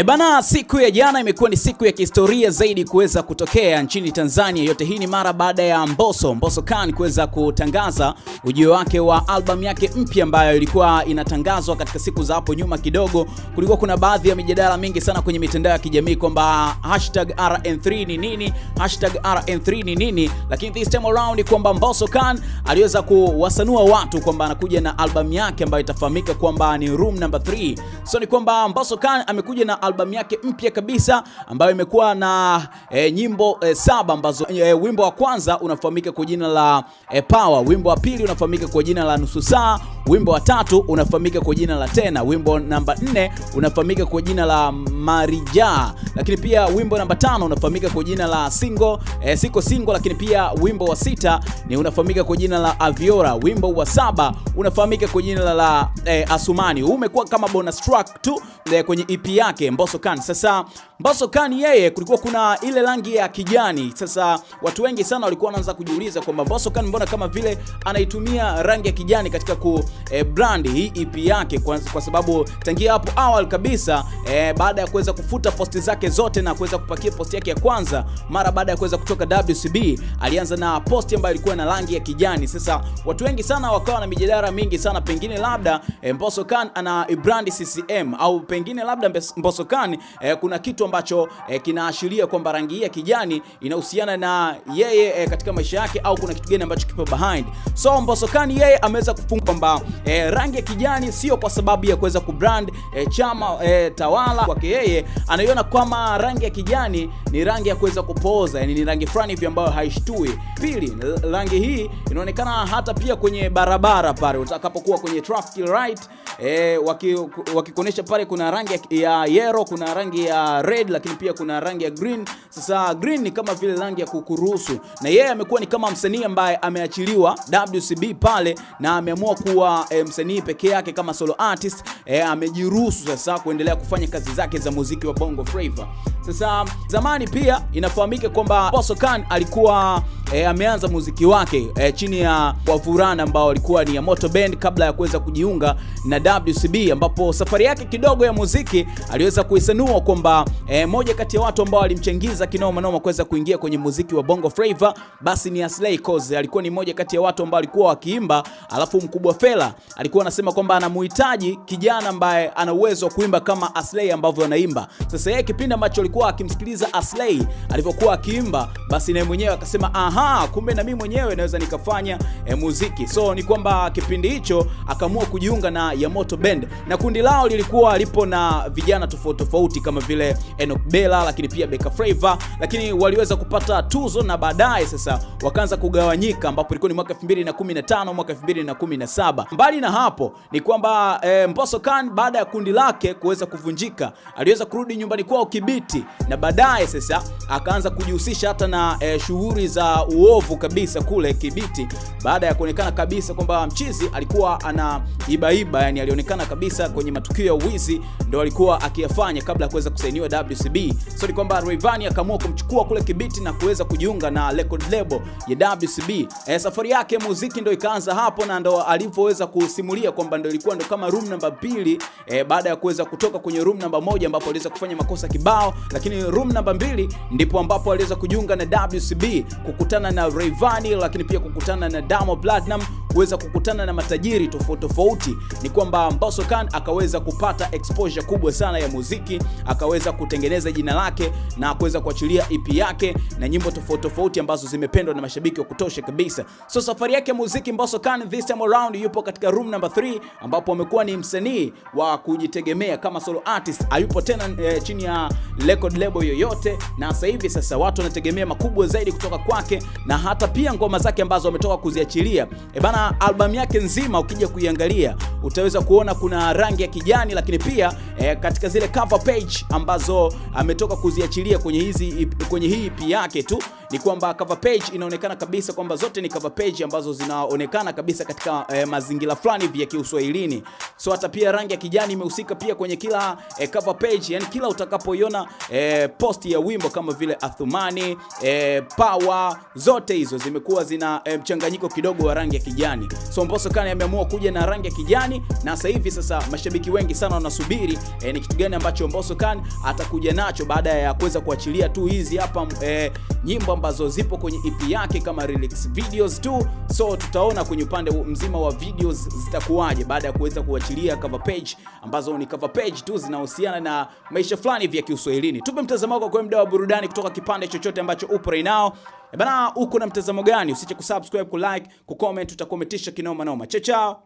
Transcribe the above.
E bana, siku ya jana imekuwa ni siku ya kihistoria zaidi kuweza kutokea nchini Tanzania. Yote hii ni mara baada ya Mbosso Mbosso Khan kuweza kutangaza ujio wake wa albamu yake mpya ambayo ilikuwa inatangazwa katika siku za hapo nyuma kidogo. Kulikuwa kuna baadhi ya mijadala mingi sana kwenye mitandao ya kijamii kwamba hashtag RN3 ni nini, hashtag RN3 ni nini, lakini this time around kwamba Mbosso Khan aliweza kuwasanua watu kwamba anakuja na albamu yake ambayo itafahamika kwamba ni Room Number 3. So ni kwamba Mbosso Khan amekuja na albamu yake mpya kabisa ambayo imekuwa na e, nyimbo e, saba ambazo e, wimbo wa kwanza unafahamika kwa jina la e, Power, wimbo wa pili unafahamika kwa jina la Nusu Saa Wimbo wa tatu unafahamika kwa jina la Tena. Wimbo namba nne unafahamika kwa jina la Marija, lakini pia wimbo namba tano unafahamika kwa jina la Singo, eh, Siko Singo, lakini pia wimbo wa sita ni unafahamika kwa jina la Aviora. Wimbo wa saba unafahamika kwa jina la, la eh, Asumani. Huu umekuwa kama bonus track tu eh, kwenye EP yake mboso Khan. Sasa mboso Khan yeye kulikuwa kuna ile rangi ya kijani. Sasa watu wengi sana walikuwa wanaanza kujiuliza kwamba mboso Khan mbona kama vile anaitumia rangi ya kijani katika ku e, brand hii EP yake kwa, kwa sababu tangia hapo awali kabisa e, baada ya kuweza kufuta posti zake zote na kuweza kupakia posti yake ya kwanza mara baada ya kuweza kutoka WCB, alianza na posti ambayo ilikuwa na rangi ya kijani. Sasa watu wengi sana wakawa na mijadala mingi sana, pengine labda e, Mbosso Khan ana brand CCM au pengine labda Mbosso Khan e, kuna kitu ambacho e, kinaashiria kwamba rangi ya kijani inahusiana na yeye e, katika maisha yake au kuna kitu gani ambacho kipo behind. So Mbosso Khan yeye ameweza kufunga kwamba e, rangi ya kijani sio kwa sababu ya kuweza kubrand e, chama e, tawala. Kwake yeye anaiona kwama rangi ya kijani ni rangi ya kuweza kupooza, yani ni rangi fulani hivi ambayo haishtui. Pili, rangi hii inaonekana hata pia kwenye barabara pale utakapokuwa kwenye traffic light e, eh, wakikuonyesha waki pale kuna rangi ya yellow, kuna rangi ya red, lakini pia kuna rangi ya green. Sasa green ni kama vile rangi ya kukuruhusu, na yeye amekuwa ni kama msanii ambaye ameachiliwa WCB pale na ameamua kuwa e, msanii pekee yake kama solo artist e, amejiruhusu sasa kuendelea kufanya kazi zake za muziki wa Bongo Flava. Sasa zamani pia inafahamika kwamba Bosso Khan alikuwa e, ameanza muziki wake e, chini ya wavurana ambao walikuwa ni ya Moto Band kabla ya kuweza kujiunga na WCB, ambapo safari yake kidogo ya muziki aliweza kuisanua kwamba e, moja kati ya watu ambao alimchangiza kinoma noma kuweza kuingia kwenye muziki wa Bongo Flava basi ni Aslay Koze. Alikuwa ni moja kati ya watu ambao alikuwa wakiimba, alafu mkubwa Fela alikuwa anasema kwamba anamhitaji kijana ambaye ana uwezo wa kuimba kama Aslay ambavyo anaimba. Sasa yeye kipindi ambacho alikuwa akimsikiliza Aslay alivyokuwa akiimba, basi naye mwenyewe akasema aha, kumbe na mimi mwenyewe naweza nikafanya e, muziki. So ni kwamba kipindi hicho akaamua kujiunga na Yamo Moto Band na kundi lao lilikuwa lipo na vijana tofauti tofauti kama vile Enoch Bella, lakini pia Beka Flavor, lakini waliweza kupata tuzo na baadaye sasa wakaanza kugawanyika, ambapo ilikuwa ni mwaka 2015 mwaka 2017. Mbali na hapo ni kwamba e, eh, Mbosso Khan baada ya kundi lake kuweza kuvunjika aliweza kurudi nyumbani kwao Kibiti, na baadaye sasa akaanza kujihusisha hata na e, shughuli za uovu kabisa kule Kibiti, baada ya kuonekana kabisa kwamba mchizi alikuwa ana ibaiba yani alionekana kabisa kwenye matukio ya uwizi ndo alikuwa akiyafanya kabla ya kuweza kusainiwa WCB. So ni kwamba Rayvanny akaamua kumchukua kule Kibiti na kuweza kujiunga na record label ya WCB. E, safari yake muziki ndo ikaanza hapo na ndo alivyoweza kusimulia kwamba ndo ilikuwa ndo kama room namba mbili e, baada ya kuweza kutoka kwenye room namba moja ambapo aliweza kufanya makosa kibao, lakini room namba mbili ndipo ambapo aliweza kujiunga na WCB kukutana na Rayvanny, lakini pia kukutana na Damo Platinum kuweza kukutana na matajiri tofauti tofauti, ni kwamba Mbosso Khan akaweza kupata exposure kubwa sana ya muziki, akaweza kutengeneza jina lake na kuweza kuachilia EP yake na nyimbo tofauti tofauti ambazo zimependwa na mashabiki wa kutosha kabisa. So safari yake muziki, Mbosso Khan this time around yupo katika room number 3 ambapo amekuwa ni msanii wa kujitegemea kama solo artist, hayupo tena eh, chini ya record label yoyote, na sasa hivi sasa watu wanategemea makubwa zaidi kutoka kwake na hata pia ngoma zake ambazo ametoka kuziachilia e bana albamu yake nzima ukija kuiangalia utaweza kuona kuna rangi ya kijani, lakini pia e, katika zile cover page ambazo ametoka kuziachilia kwenye hizi kwenye hii EP yake tu ni kwamba cover page inaonekana kabisa kwamba zote ni cover page ambazo zinaonekana kabisa katika eh, mazingira fulani vya Kiswahilini. So hata pia rangi ya kijani imehusika pia kwenye kila eh, cover page, yani kila utakapoiona eh, post ya wimbo kama vile Athumani eh, Power, zote hizo zimekuwa zina eh, mchanganyiko kidogo wa rangi ya kijani. So Mbosso Khan ameamua kuja na rangi ya kijani na sasa hivi sasa mashabiki wengi sana wanasubiri eh, ni kitu gani ambacho Mbosso Khan atakuja nacho baada ya kuweza kuachilia tu hizi hapa eh, nyimbo ambazo zipo kwenye EP yake kama relax videos tu, so tutaona kwenye upande mzima wa videos zitakuwaje baada ya kuweza kuachilia cover page ambazo ni cover page tu zinahusiana na maisha fulani vya Kiswahilini. Tupe mtazamo wako kwa mda wa burudani kutoka kipande chochote ambacho upo right now. E bana, uko na mtazamo gani? Usiache kusubscribe, kulike, kucomment, utakometisha kinoma noma. Chao chao.